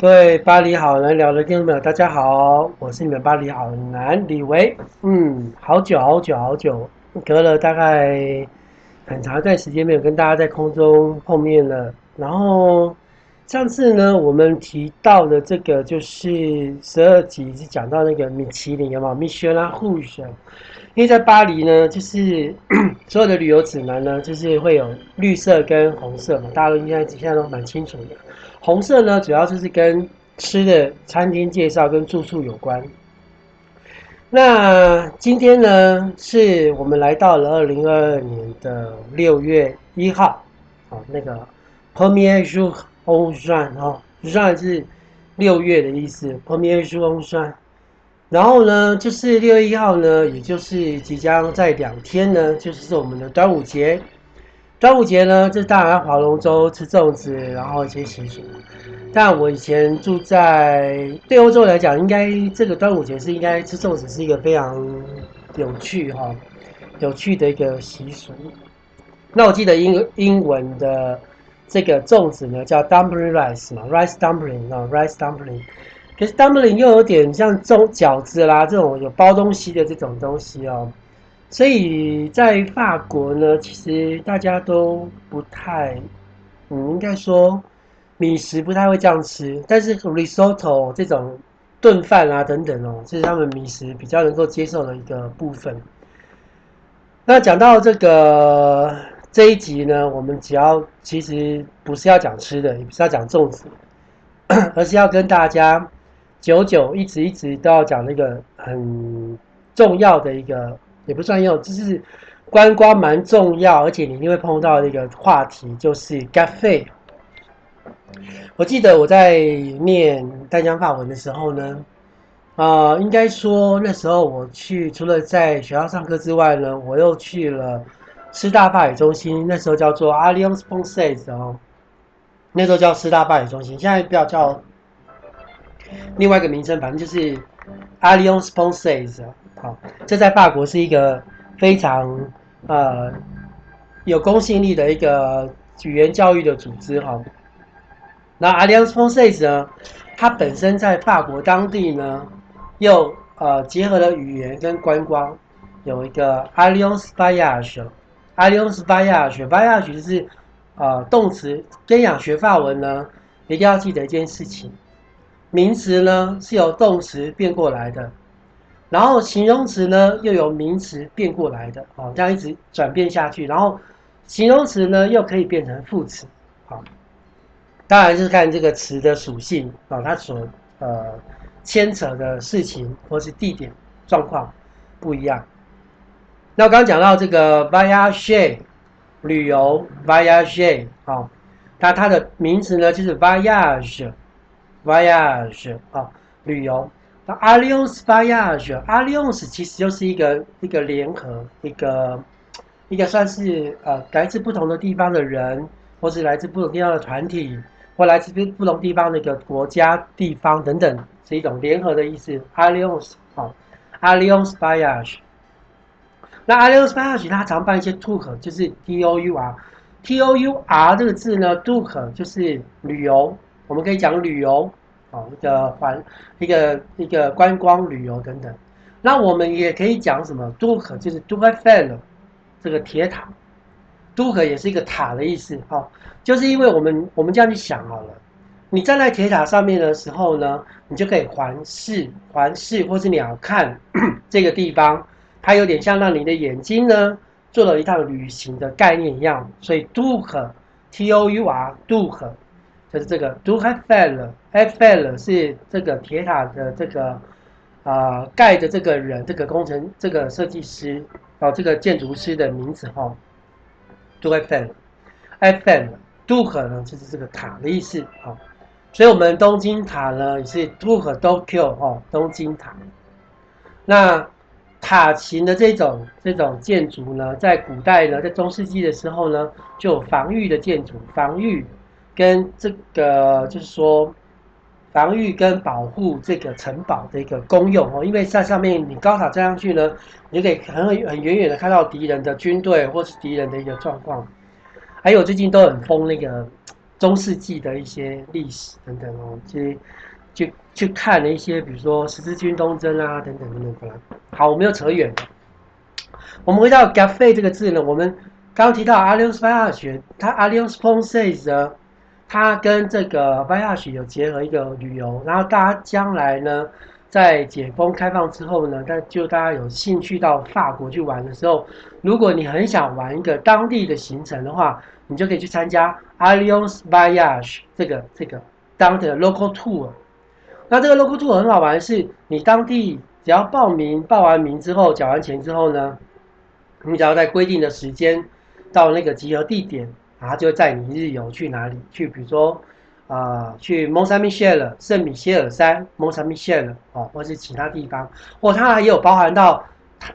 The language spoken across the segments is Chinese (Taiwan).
各位巴黎好男聊的聽眾朋友，大家好，我是你們巴黎好男里維。嗯，好久好久好久，隔了大概很長一段時間沒有跟大家在空中碰面了。然後上次呢，我們提到的這個就是十二集是講到那個米其林有沒有？米修拉護手，因為在巴黎呢，就是所有的旅遊指南呢，就是會有綠色跟紅色，大家都應該現在都蠻清楚的。紅色呢，主要就是跟吃的、餐廳介紹跟住宿有關。那今天呢，是我們來到了二零二二年的六月一號，哦，那個 premier juin 哦，juin 是六月的意思，premier juin。然後呢，就是六月一號呢，也就是即將在兩天呢，就是我們的端午節。端午節呢，就是大家划龍舟、吃粽子，然後一些習俗。但我以前住在對歐洲來講，應該這個端午節是應該吃粽子是一個非常有趣哈、哦，有趣的一個習俗。那我記得英英文的這個粽子呢，叫 dumpling rice 嘛 rice dumpling 啊，rice dumpling、哦 Dum。可是 dumpling 又有點像粽餃子啦，這種有包東西的這種東西哦。所以在法國呢，其實大家都不太，嗯，應該說米食不太會這樣吃，但是 risotto 這種燉飯啊等等哦，這是他們米食比較能夠接受的一個部分。那講到這個這一集呢，我們只要其實不是要講吃的，也不是要講粽子，而是要跟大家久久一直一直都要講那個很重要的一個。也不算用，就是觀光蠻重要，而且你一定會碰到的一個話題就是咖啡。我記得我在念淡江法文的時候呢，啊、呃，應該說那時候我去除了在學校上課之外呢，我又去了師大法語中心，那時候叫做 Alliance Française 哦，那時候叫師大法語中心，現在不要叫另外一個名稱吧，反正就是 Alliance Française。好，這在法國是一個非常呃有公信力的一個語言教育的組織哈。那 Alliance Française 呢，它本身在法國當地呢，又呃結合了語言跟觀光，有一個 Alliance Voyage，Alliance Voyage，Voyage 是呃動詞。跟養學法文呢，一定要記得一件事情，名詞呢是由動詞變過來的。然後形容詞呢，又由名詞變過來的，哦，這樣一直轉變下去。然後形容詞呢，又可以變成副詞，啊，當然是看這個詞的屬性，啊，它所呃牽扯的事情或是地點狀況不一樣。那我剛剛講到這個 voyage 旅遊 voyage 好，那它，它的名詞呢就是 voyage，voyage，啊，旅遊。那 Alliance voyage，Alliance 其實就是一個一個聯合，一個一個算是呃來自不同的地方的人，或是來自不同地方的團體，或來自不不同地方的一個國家、地方等等，是一種聯合的意思。Alliance 好，uh，Alliance voyage。那 Alliance voyage 它常辦一些 tour，就是 tour。T-O-U-R 這個字呢，tour 就是旅遊，我們可以講旅遊。哦，一個環，一個一個觀光旅遊等等。那我們也可以講什麼 tour 就是 tour Eiffel 這個鐵塔 tour 也是一個塔的意思。哦，就是因為我們我們這樣去想好了，你站在鐵塔上面的時候呢，你就可以環視環視或是鳥瞰這個地方，它有點像讓你的眼睛呢做了一趟旅行的概念一樣。所以 tour，T-O-U-R，tour 就是這個，Tour Eiffel，Eiffel 是這個鐵塔的這個啊、呃、蓋的這個人，這個工程這個設計師哦，這個建築師的名字哈，Tour Eiffel，Eiffel，Tour 呢就是這個塔的意思哈、哦，所以我們東京塔呢也是 Tour Tokyo 哦，東京塔。那塔形的這種這種建築呢，在古代呢，在中世紀的時候呢，就有防禦的建築，防禦。跟這個就是說，防御跟保護這個城堡的一個功用哦，因為在上面你高塔站上去呢，你就可以很很遠遠的看到敵人的軍隊或是敵人的一個狀況。還有最近都很瘋那個中世紀的一些歷史等等哦，去去去看了一些，比如說十字軍東征啊等等等等。好，我們又扯遠了。我們回到 café 這個字呢，我們剛剛提到 “Alonso Pacheco” 他 “Alonso Pacheco” 是。它跟這個 Voyage 有結合一個旅遊，然後大家將來呢，在解封開放之後呢，但就大家有興趣到法國去玩的時候，如果你很想玩一個當地的行程的話，你就可以去參加 Alliance Voyage 這個這個當地的 local tour。那這個 local tour 很好玩的是，是你當地只要報名，報完名之後繳完錢之後呢，你只要在規定的時間到那個集合地點。然後就在你一日遊去哪裡去，比如說，啊、呃，去蒙薩米歇爾聖米歇爾山蒙薩米歇爾哦，或是其他地方，或、哦、它還有包含到，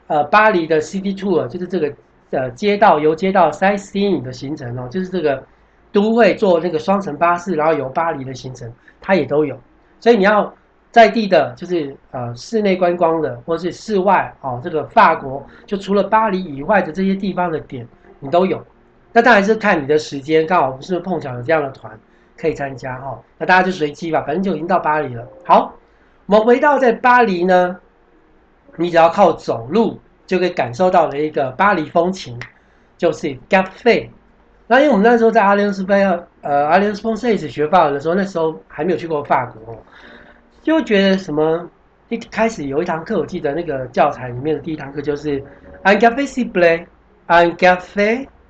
呃，巴黎的 City Tour，就是這個呃街道遊街道 Side Seeing 的行程哦，就是這個都會坐那個雙層巴士，然後遊巴黎的行程，它也都有。所以你要在地的，就是呃室內觀光的，或是室外哦，這個法國就除了巴黎以外的這些地方的點，你都有。那當然是看你的時間，剛好不是碰巧有這樣的團可以參加哈、哦。那大家就隨機吧，反正就已經到巴黎了。好，我們回到在巴黎呢，你只要靠走路就可以感受到的一個巴黎風情，就是 café。那因為我們那時候在阿聯斯貝爾，ais, 呃，阿聯斯峰塞學法文的時候，那時候還沒有去過法國、哦，就覺得什麼一開始有一堂課，我記得那個教材裡面的第一堂課就是 un café s'il vous plaît, un café。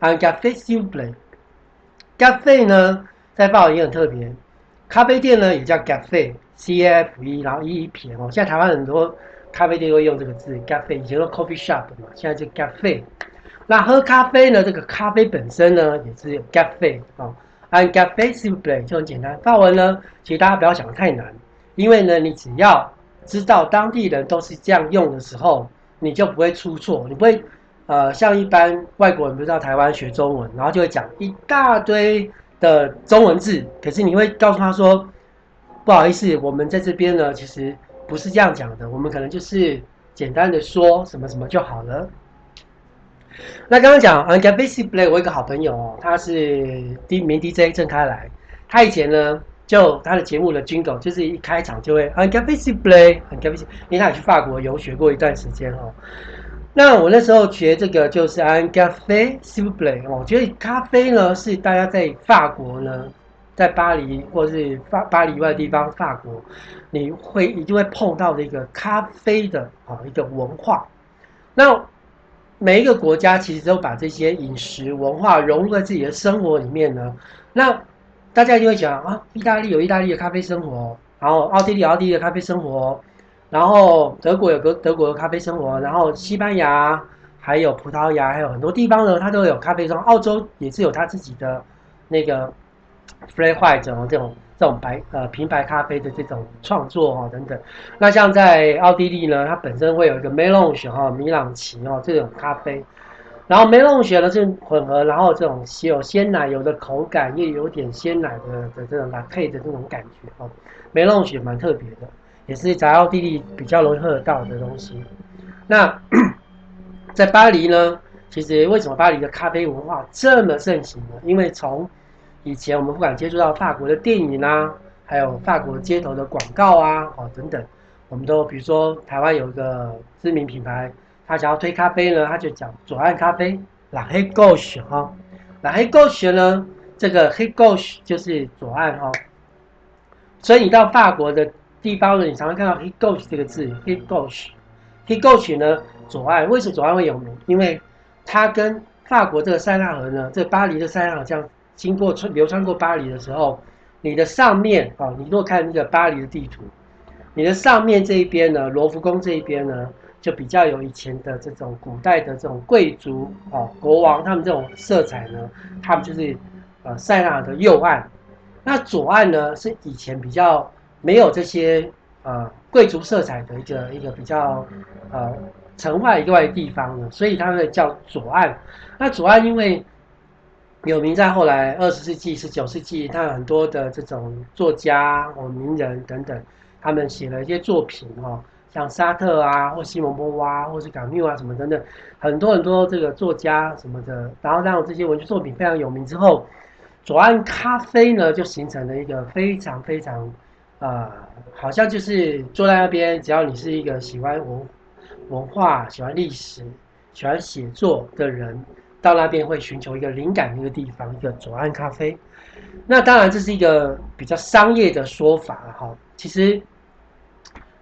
un café s'il vous plaît 咖啡呢在法文也很特別，咖啡店呢也叫 cafe，C A F E 然後 E E P 哦、e，現在台灣很多咖啡店都會用這個字 cafe，以前都 coffee shop 嘛，現在就 cafe，那喝咖啡呢，這個咖啡本身呢也是 cafe 哦，un café s'il vous plaît 就很簡單，法文呢其實大家不要想得太難，因為呢你只要知道當地人都是這樣用的時候，你就不會出錯，你不會。呃，像一般外國人不是到台灣學中文，然後就會講一大堆的中文字，可是你會告訴他說，不好意思，我們在這邊呢，其實不是這樣講的，我們可能就是簡單的說什麼什麼就好了。那剛剛講，un café s'il vous plait，我一個好朋友、哦，他是名 DJ 鄭開來，他以前呢，就他的節目的 jingle，就是一開場就會，un café s'il vous plait 很你看，你去法國遊學過一段時間哦？那我那時候學這個就是 un café s'il vous plaît，我覺得咖啡呢，是大家在法國呢，在巴黎或是法巴黎以外的地方，法國你會一定會碰到的一個咖啡的啊一個文化。那每一個國家其實都把這些飲食文化融入在自己的生活裡面呢。那大家就會講啊，意大利有意大利的咖啡生活，然後奧地利，奧地利的咖啡生活。然後德國有個德國的咖啡生活，然後西班牙還有葡萄牙還有很多地方呢，它都有咖啡雙。澳洲也是有它自己的那個 flat white 這種這種白呃平白咖啡的這種創作哦等等。那像在奧地利呢，它本身會有一個 melange 哈、哦、米朗奇哦這種咖啡，然後 melange 呢是混合，然後這種既有鮮奶油的口感，又有點鮮奶的的這種搭配的這種感覺哦，melange 蠻特別的。也是在奧地利比較容易喝得到的東西。那在巴黎呢？其實為什麼巴黎的咖啡文化這麼盛行呢？因為從以前我們不敢接觸到法國的電影啊，還有法國街頭的廣告啊，哦等等，我們都比如說台灣有一個知名品牌，他想要推咖啡呢，他就講左岸咖啡，La rive gauche 哈，La rive gauche 呢，這個 rive gauche 就是左岸哈、哦。所以你到法國的。地方呢，你常常看到 “he gauche” 這個字，“he gauche”，“he gauche” 呢，左岸。為什麼左岸會有名？因為它跟法國這個塞納河呢，這巴黎的塞納河，這樣經過穿流穿過巴黎的時候，你的上面啊、哦，你若看那個巴黎的地圖，你的上面這一邊呢，羅浮宮這一邊呢，就比較有以前的這種古代的這種貴族哦，國王他們這種色彩呢，他們就是呃塞納河的右岸。那左岸呢，是以前比較。沒有這些呃貴族色彩的一個一個比較呃城外以外的地方的，所以它會叫左岸。那左岸因為有名，在後來二十世紀、十九世紀，它有很多的這種作家哦、名人等等，他們寫了一些作品哦，像沙特啊、或西蒙波娃、或是岡繆啊什麼等等，很多很多這個作家什麼的，然後讓這些文學作品非常有名之後，左岸咖啡呢就形成了一個非常非常。啊、呃，好像就是坐在那邊，只要你是一個喜歡文文化、喜歡歷史、喜歡寫作的人，到那邊會尋求一個靈感的一個地方，一個左岸咖啡。那當然，這是一個比較商業的說法哈。其實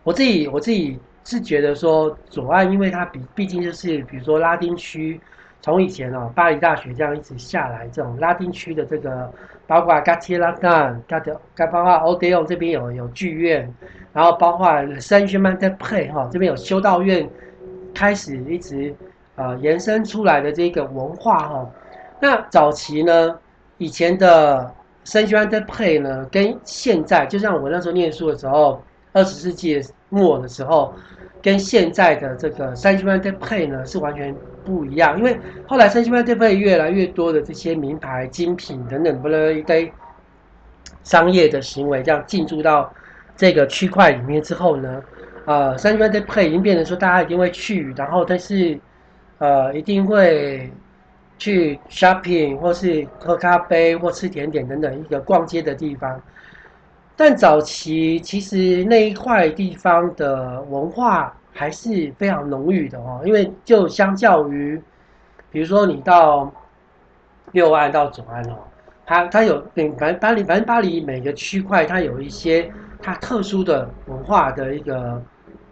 我自己我自己是覺得說，左岸因為它比畢竟就是比如說拉丁區。從以前哦，巴黎大學這樣一直下來，這種拉丁區的這個，包括 Quartier Latin，包括 Odéon 這邊有有劇院，然後包括 Saint-Germain-des-Prés 哈這邊有修道院，開始一直呃延伸出來的這一個文化哈、哦。那早期呢，以前的 Saint-Germain-des-Prés 呢，跟現在就像我那時候念書的時候，二十世紀末的時候，跟現在的這個 Saint-Germain-des-Prés 呢是完全。不一樣，因為後來 Saint-Germain-des-Prés 越來越多的這些名牌、精品等等，不了一堆商業的行為，這樣進駐到這個區塊裡面之後呢，呃，Saint-Germain-des-Prés 已經變成說大家一定會去，然後但是呃一定會去 shopping 或是喝咖啡或吃甜點等等一個逛街的地方。但早期其實那一塊地方的文化。還是非常濃郁的哦，因為就相較於，比如說你到右岸到左岸哦，它它有嗯，反正巴黎，反正巴黎每個區塊它有一些它特殊的文化的一個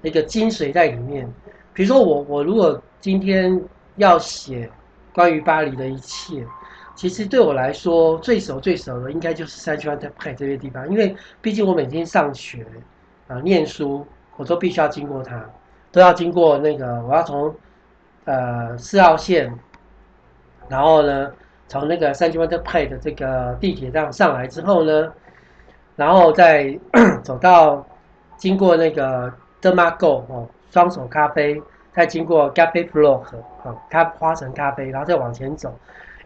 一個精髓，在裡面。比如說我我如果今天要寫關於巴黎的一切，其實對我來說最熟最熟的應該就是聖日耳曼德佩這些地方，因為畢竟我每天上學啊、呃、唸書，我都必須要經過它。都要經過那個，我要從，呃，四號線，然後呢，從那個 Saint-Germain-des-Prés 的這個地鐵站上來之後呢，然後再走到經過那個德瑪購哦，雙手咖啡，再經過咖啡 Flore 啊，花神咖啡，然後再往前走，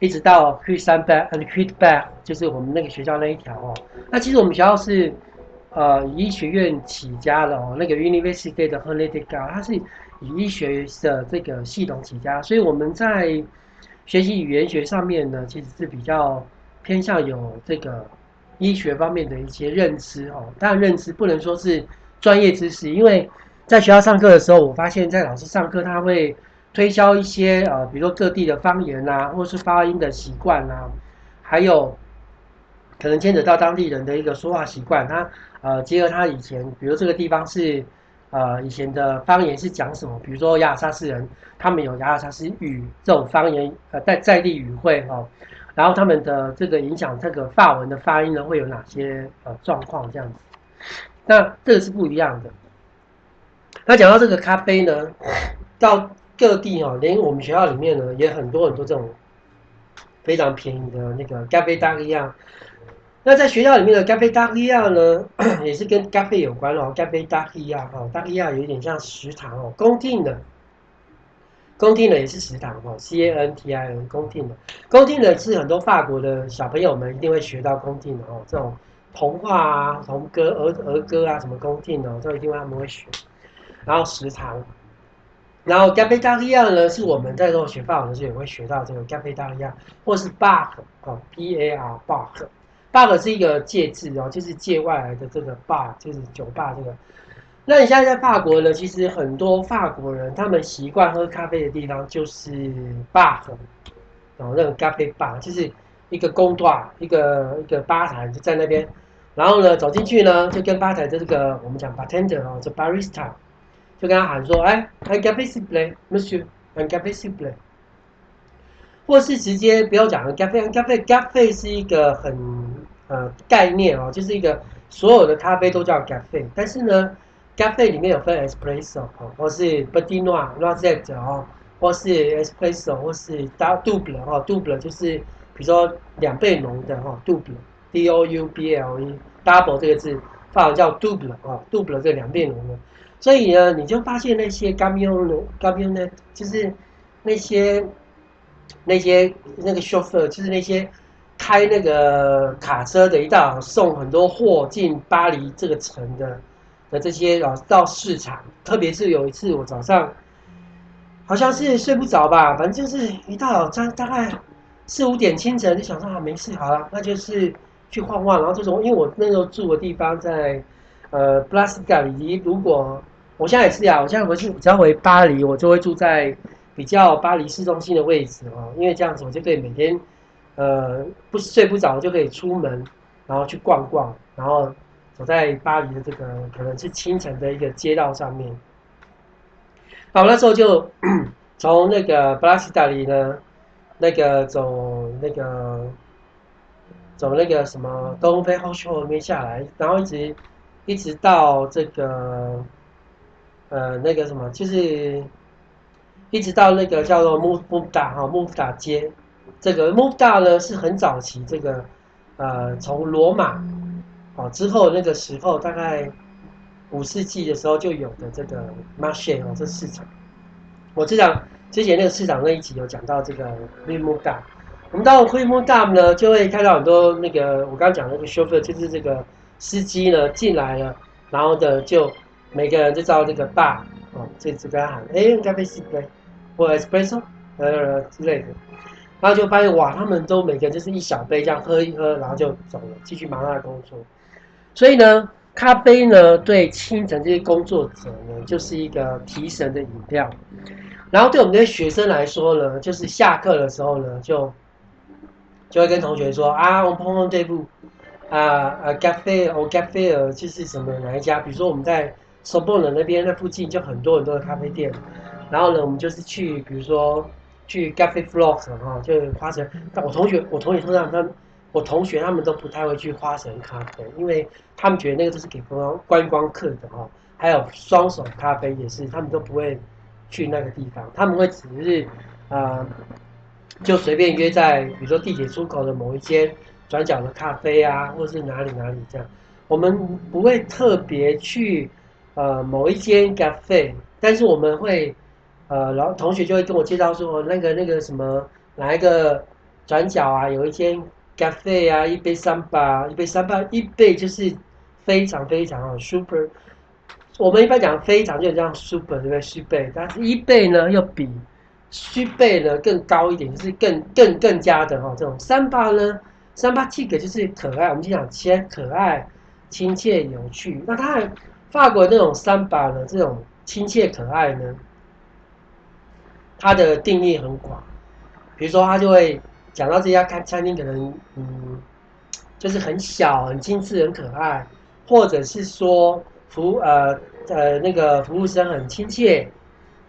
一直到去三 b ak, and c k a quit back，就是我們那個學校那一條哦。那其實我們學校是。呃，醫學院起家的哦，那個 University 的 Huneticar，它是以醫學的這個系統起家，所以我們在學習語言學上面呢，其實是比較偏向有這個醫學方面的一些認知哦。當然，認知不能說是專業知識，因為在學校上課的時候，我發現，在老師上課他會推銷一些呃，比如說各地的方言啊，或是發音的習慣啊，還有可能牽扯到當地人的一個說話習慣，他。呃，結合他以前，比如這個地方是，呃，以前的方言是講什麼？比如說亞爾薩斯人，他們有亞爾薩斯語這種方言，呃，在在地語彙，哦，然後他們的這個影響，這個法文的發音呢會有哪些呃狀況這樣子？那這個是不一樣的。那講到這個咖啡呢，到各地哈、哦，連我們學校裡面呢也很多很多這種非常便宜的那個咖啡單一樣。那在學校裡面的 Gabarderia 呢，也是跟 g 咖啡有關哦。Gabarderia 哦，大利亞有點像食堂哦，宮廷的，宮廷的也是食堂哦。C A N T I N，宮廷的，宮廷的是很多法國的小朋友們一定會學到宮廷的哦，這種童話啊、童歌兒兒歌啊，什麼宮廷哦，都一定會他們會學。然後食堂，然後 Gabarderia 呢，是我們在做學法文時候也會學到這個 Gabarderia，或是 Bar 哦，B A R Bar。bar 是一個借字哦，就是借外來的這個 bar，re, 就是酒吧這個。那你現在在法國呢？其實很多法國人他們習慣喝咖啡的地方就是 bar，re, 然後那個咖啡 bar re, 就是一個工館，一個一個吧台就在那邊。然後呢，走進去呢，就跟吧台的這個我們講 bartender 哦，就 barista，就跟他喊說：“哎，un café s'il vous plaît, Monsieur, un café s'il vous plaît. 或是直接不要講了，咖啡，咖啡，咖啡是一個很呃概念哦，就是一個所有的咖啡都叫咖啡。但是呢，咖啡裡面有分 espresso、no、哦，或是 petit noir、noisette 哦，或是 espresso，或是 double 哦，double 就是比如說兩倍濃的哦，double D O U B L E double 這個字，法文叫 double 哦，double 就是兩倍濃的。所以呢，你就發現那些 g a m u 的咖啡用的，就是那些。那些那個 chauffeur 就是那些開那個卡車的，一大早送很多貨進巴黎這個城的，的這些然後到市場。特別是有一次我早上好像是睡不着吧，反正就是一大早在大概四五點清晨就想說啊，沒事好了，那就是去晃晃，然後這種，因為我那時候住的地方在呃 Blasdel 以及，如果我現在也是呀、啊，我現在回去只要回巴黎，我就會住在。比較巴黎市中心的位置哦，因為這樣子，我就可以每天，呃，不睡不着就可以出門，然後去逛逛，然後走在巴黎的這個可能是清晨的一個街道上面。好，那時候就從那個布拉斯達里的，那個走那個，走那個什麼東非 Hotel 那邊下來，然後一直一直到這個，呃，那個什麼就是。一直到那個叫做 move m 穆布達哈穆布達街，這個 m o 穆布達呢是很早期，這個呃從羅馬哦之後那個時候大概五世紀的時候就有的這個 Marché 哦，這市場，我知道之前那個市場那一集有講到這個 m o we 灰穆達，我們到 m o we 灰穆達呢就會看到很多那個我剛剛講那個 chauffeur 就是這個司機呢進來了，然後的就每個人就照這個 bar 哦，就這邊喊哎咖啡師來。欸或 espresso 呃，之類的，然後就發現哇，他們都每個人就是一小杯這樣喝一喝，然後就走了，繼續忙他的工作。所以呢，咖啡呢，對清晨這些工作者呢，就是一個提神的飲料。然後對我們這些學生來說呢，就是下課的時候呢，就就會跟同學說啊，我碰碰這部啊啊，cafe 或 cafe 就是什麼哪一家？比如說我們在 Sorbonne 那邊，那附近就很多很多的咖啡店。然後呢，我們就是去，比如說去 Café Flore 哈，就花神。但我同學，我同學通常他們，我同學他們都不太會去花神咖啡，因為他們覺得那個都是給觀光觀光客的哦。還有雙手咖啡也是，他們都不會去那個地方，他們會只是啊，就隨便約在，比如說地鐵出口的某一間轉角的咖啡啊，或是哪裡哪裡這樣。我們不會特別去呃某一間 Café，但是我們會。呃，然後同學就會跟我介紹說，那個那個什麼，哪一個轉角啊，有一間 cafe 啊，一杯三把一杯三八，一杯就是非常非常好，super。我們一般講非常就這樣 super，對不對？super，但是一杯呢，要比 super 呢更高一點，就是更更更加的哈、哦。這種三八呢，三八 cute 就是可愛，我們就講先可愛親、親切、有趣。那它法國這種三把的這種親切可愛呢？他的定義很廣，比如說，他就會講到這家餐餐廳可能，嗯，就是很小、很精緻、很可愛，或者是說服務呃呃那個服務生很親切，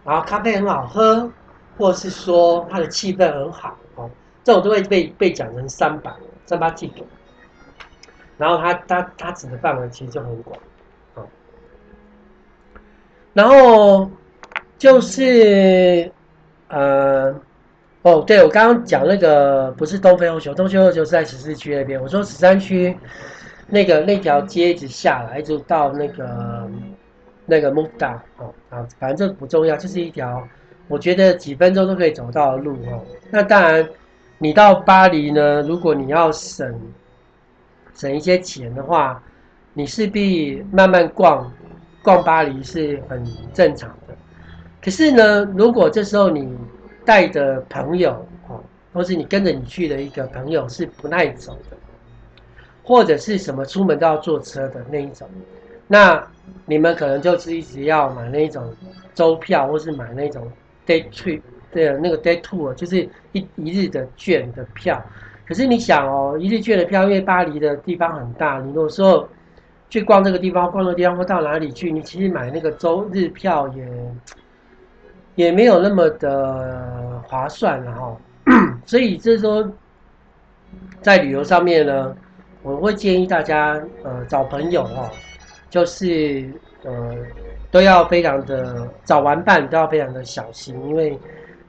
然後咖啡很好喝，或者是說他的氣氛很好，哦，這種都會被被講成三百三八幾的，然後他他他指的範圍其實就很廣，然後就是。呃，哦，對我剛剛講那個不是東非歐球，東非歐球是在十四區那邊。我說十三區那個那條街一直下來，就到那個那個穆達哦啊，反正這不重要，這是一條我覺得幾分鐘都可以走到的路哦。那當然，你到巴黎呢，如果你要省省一些錢的話，你勢必慢慢逛逛巴黎是很正常的。可是呢，如果這時候你帶的朋友或是你跟着你去的一個朋友是不耐走的，或者是什麼出門都要坐車的那一種，那你們可能就是一直要買那種周票，或是買那種 day trip 對，那個 day tour 就是一一日的券的票。可是你想哦，一日券的票，因為巴黎的地方很大，你有時候去逛這個地方，逛那個地方，或到哪裡去，你其實買那個周日票也。也沒有那麼的划算了。哦，然 後，所以就是說，在旅遊上面呢，我會建議大家呃找朋友哦，就是呃都要非常的找玩伴都要非常的小心，因為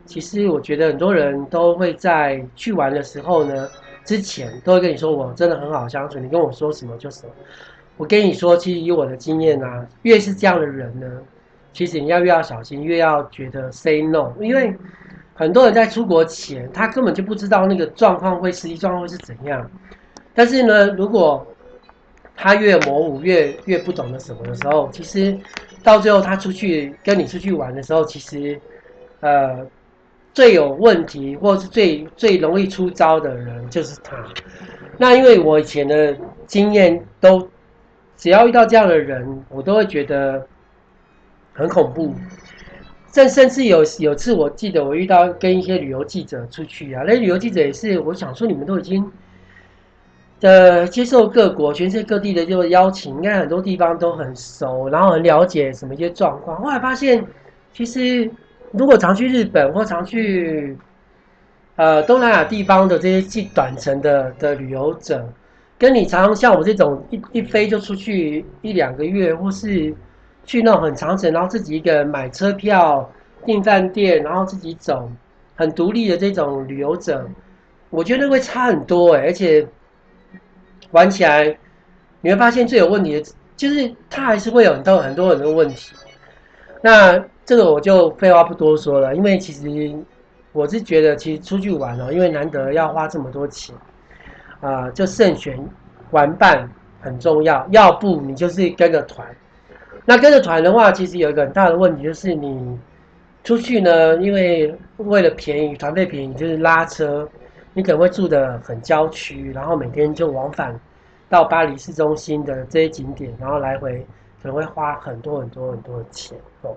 其實我覺得很多人都會在去玩的時候呢，之前都會跟你說我真的很好相處，你跟我說什麼就什麼。我跟你說，其實以我的經驗啊，越是這樣的人呢。其實你要越要小心，越要覺得 say no，因為很多人在出國前，他根本就不知道那個狀況會實際狀況是怎樣。但是呢，如果他越模糊、越越不懂得什麼的時候，其實到最後他出去跟你出去玩的時候，其實呃最有問題或是最最容易出招的人就是他。那因為我以前的經驗都，只要遇到這樣的人，我都會覺得。很恐怖，甚甚至有有次，我記得我遇到跟一些旅遊記者出去啊，那些旅遊記者也是，我想說你們都已經，呃，接受各國全世界各地的這個邀請，應該很多地方都很熟，然後很了解什麼一些狀況。後來發現，其實如果常去日本或常去，呃，東南亞地方的這些即短程的的旅遊者，跟你常常像我這種一一飛就出去一兩個月，或是。去那種很長程，然後自己一個人買車票、訂飯店，然後自己走，很獨立的這種旅遊者，我覺得會差很多誒、欸，而且玩起來，你會發現最有問題的就是他還是會有，有很多很多很多問題。那這個我就廢話不多說了，因為其實我是覺得，其實出去玩哦、喔，因為難得要花這麼多錢啊、呃，就慎選玩伴很重要。要不你就是跟個團。那跟着團的話，其實有一個很大的問題，就是你出去呢，因為為了便宜，團費便宜就是拉車，你可能會住得很郊區，然後每天就往返到巴黎市中心的這些景點，然後來回可能會花很多很多很多的錢哦。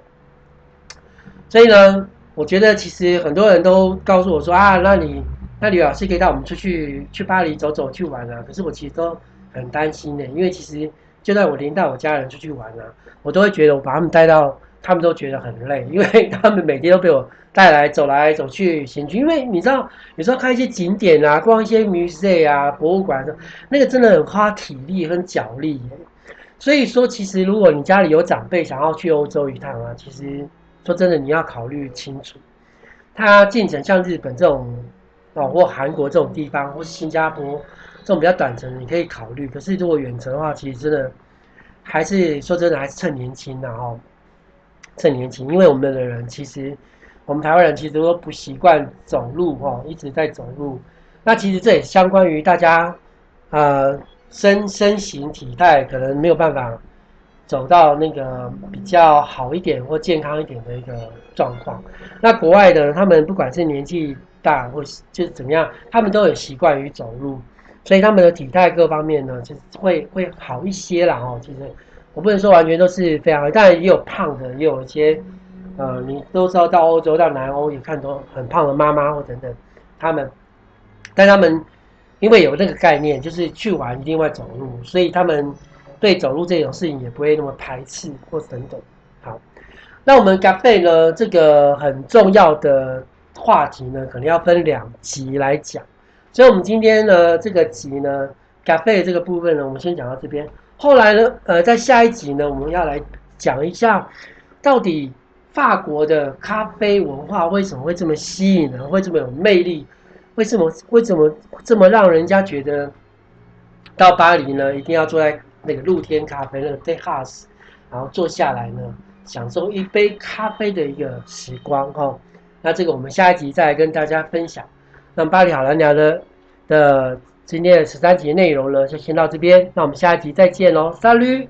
所以呢，我覺得其實很多人都告訴我說啊，那你那李老師可以帶我們出去去巴黎走走去玩啊，可是我其實都很擔心的、欸，因為其實。就在我連帶我家人出去玩啊，我都會覺得我把他們帶到，他們都覺得很累，因為他們每天都被我帶來走來走去、行軍。因為你知道，有時候看一些景點啊，逛一些 museum 啊、博物館、啊、那個真的很花體力很腳力。所以說，其實如果你家裡有長輩想要去歐洲一趟啊，其實說真的，你要考慮清楚。他進城像日本這種，啊、哦，或韓國這種地方，或是新加坡。這種比較短程你可以考慮，可是如果遠程的話，其實真的還是說真的還是趁年輕的哈，趁年輕，因為我們的人，其實我們台灣人其實都不習慣走路哈，一直在走路。那其實這也相關於大家呃，身身形體態可能沒有辦法走到那個比較好一點或健康一點的一個狀況。那國外的人，他們不管是年紀大或是就怎麼樣，他們都有習慣於走路。所以他們的體態各方面呢，其實會會好一些啦。哦，其實我不能說完全都是非常好，當然也有胖的，也有一些，呃，你都知道到歐洲、到南歐也看到很胖的媽媽或等等他們，但他們因為有這個概念，就是去玩一定會走路，所以他們對走路這種事情也不會那麼排斥或等等。好，那我們咖啡呢？這個很重要的話題呢，可能要分兩集來講。所以，我們今天的這個集呢，咖啡的這個部分呢，我們先講到這邊。後來呢，呃，在下一集呢，我們要來講一下，到底法國的咖啡文化為什麼會這麼吸引人，會這麼有魅力？為什麼？為什麼這麼讓人家覺得到巴黎呢，一定要坐在那個露天咖啡那個 dehors 然後坐下來呢，享受一杯咖啡的一個時光？哦。那這個我們下一集再來跟大家分享。那巴黎好男里維的的今天的十三集內容呢，就先到這邊。那我們下一集再見嘍，Salut。